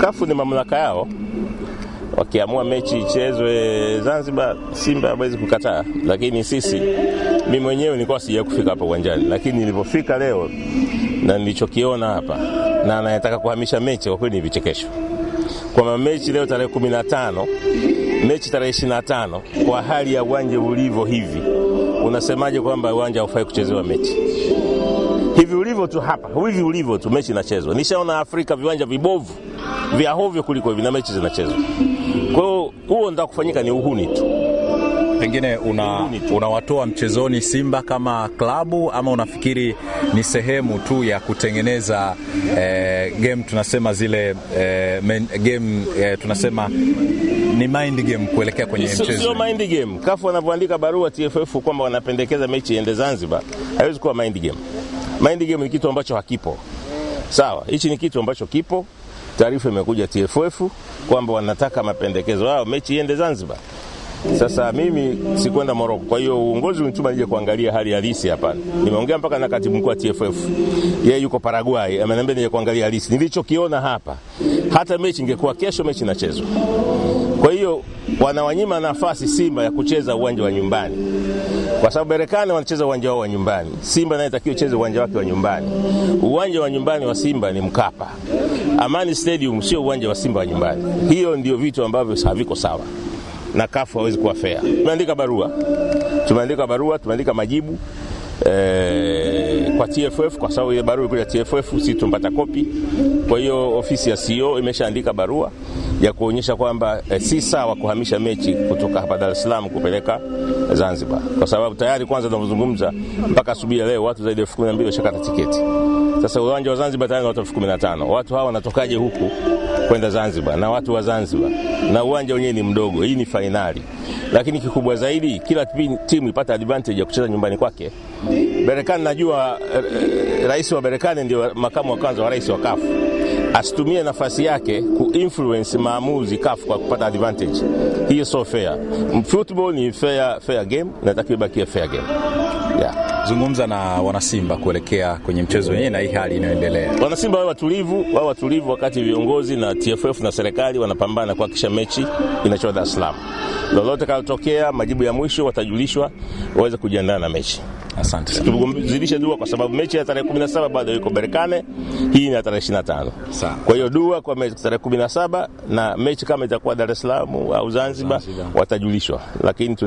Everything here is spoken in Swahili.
Kafu ni mamlaka yao, wakiamua mechi ichezwe Zanzibar, Simba hawezi kukataa. Lakini sisi, mi mwenyewe nilikuwa sija kufika hapa uwanjani, lakini nilipofika leo na nilichokiona hapa na anayetaka kuhamisha mechi, kwa kweli ni vichekesho. Kwa mechi leo tarehe kumi na tano mechi tarehe ishirini na tano kwa hali ya uwanja ulivyo hivi, unasemaje kwamba uwanja haufai kuchezewa mechi? hivi ulivyo tu hapa, hivi ulivyo tu, mechi inachezwa. Nishaona Afrika viwanja vibovu vya hovyo kuliko hivi na mechi zinachezwa. Kwa hiyo huo ndio kufanyika ni uhuni tu. Pengine unawatoa mchezoni Simba kama klabu ama unafikiri ni sehemu tu ya kutengeneza eh, game tunasema zile eh, main, game eh, tunasema ni mind game kuelekea kwenye mchezo. Sio mind game. Kafu wanavyoandika barua TFF kwamba wanapendekeza mechi iende Zanzibar, haiwezi kuwa mind game. Mind game ni kitu ambacho hakipo. Sawa, hichi ni kitu ambacho kipo. Taarifa imekuja TFF kwamba wanataka mapendekezo yao, mechi iende Zanzibar. Sasa mimi sikwenda Moroko, kwa hiyo uongozi unituma nije kuangalia hali halisi hapa. Nimeongea mpaka na katibu mkuu wa TFF, yeye yuko Paraguay, ameniambia nije kuangalia halisi nilichokiona hapa. Hata mechi ingekuwa kesho, mechi inachezwa wanawanyima nafasi Simba ya kucheza uwanja wa nyumbani, kwa sababu Berekani wanacheza uwanja wao wa nyumbani, Simba naye takiwa cheze uwanja wake wa nyumbani. Uwanja wa nyumbani wa Simba ni Mkapa, Amani Stadium sio uwanja wa Simba wa nyumbani. Hiyo ndio vitu ambavyo haviko sawa na kafu hawezi kuwa fair. Tumeandika barua, tumeandika barua, tumeandika majibu eh, kwa TFF kwa sababu ile barua ilikuja TFF, sisi tumpata kopi. Kwa hiyo ofisi ya CEO imeshaandika barua ya kuonyesha kwamba e, si sawa kuhamisha mechi kutoka hapa Dar es Salaam kupeleka Zanzibar, kwa sababu tayari kwanza tunavyozungumza mpaka asubuhi ya leo watu zaidi ya elfu kumi na mbili washakata tiketi. Sasa uwanja wa Zanzibar tayari na watu elfu kumi na tano watu hawa wanatokaje huku kwenda Zanzibar na watu wa Zanzibar, na uwanja wenyewe ni mdogo. Hii ni fainali, lakini kikubwa zaidi, kila timu ipata advantage ya kucheza nyumbani kwake. Berekani, najua eh, rais wa Berekani ndio makamu wa kwanza wa rais wa kafu asitumie nafasi yake kuinfluence maamuzi kafu kwa kupata advantage hiyo. So fair football ni fair, fair game, natakiwa ibakie fair game yeah zungumza na wanasimba kuelekea kwenye mchezo wenyewe na hii hali inayoendelea. Wanasimba wao watulivu, wao watulivu, wakati viongozi na TFF na serikali wanapambana kuhakikisha mechi inachoa Dar es Salaam. Lolote kalotokea, majibu ya mwisho watajulishwa, waweze kujiandaa na mechi. Asante sana. Tuzidishe dua kwa sababu mechi ya tarehe 17 bado iko Berkane, hii ni ya tarehe 25. Sawa. Kwa hiyo dua kwa mechi tarehe 17 na mechi kama itakuwa Dar es Salaam au Zanzibar watajulishwa. Lakini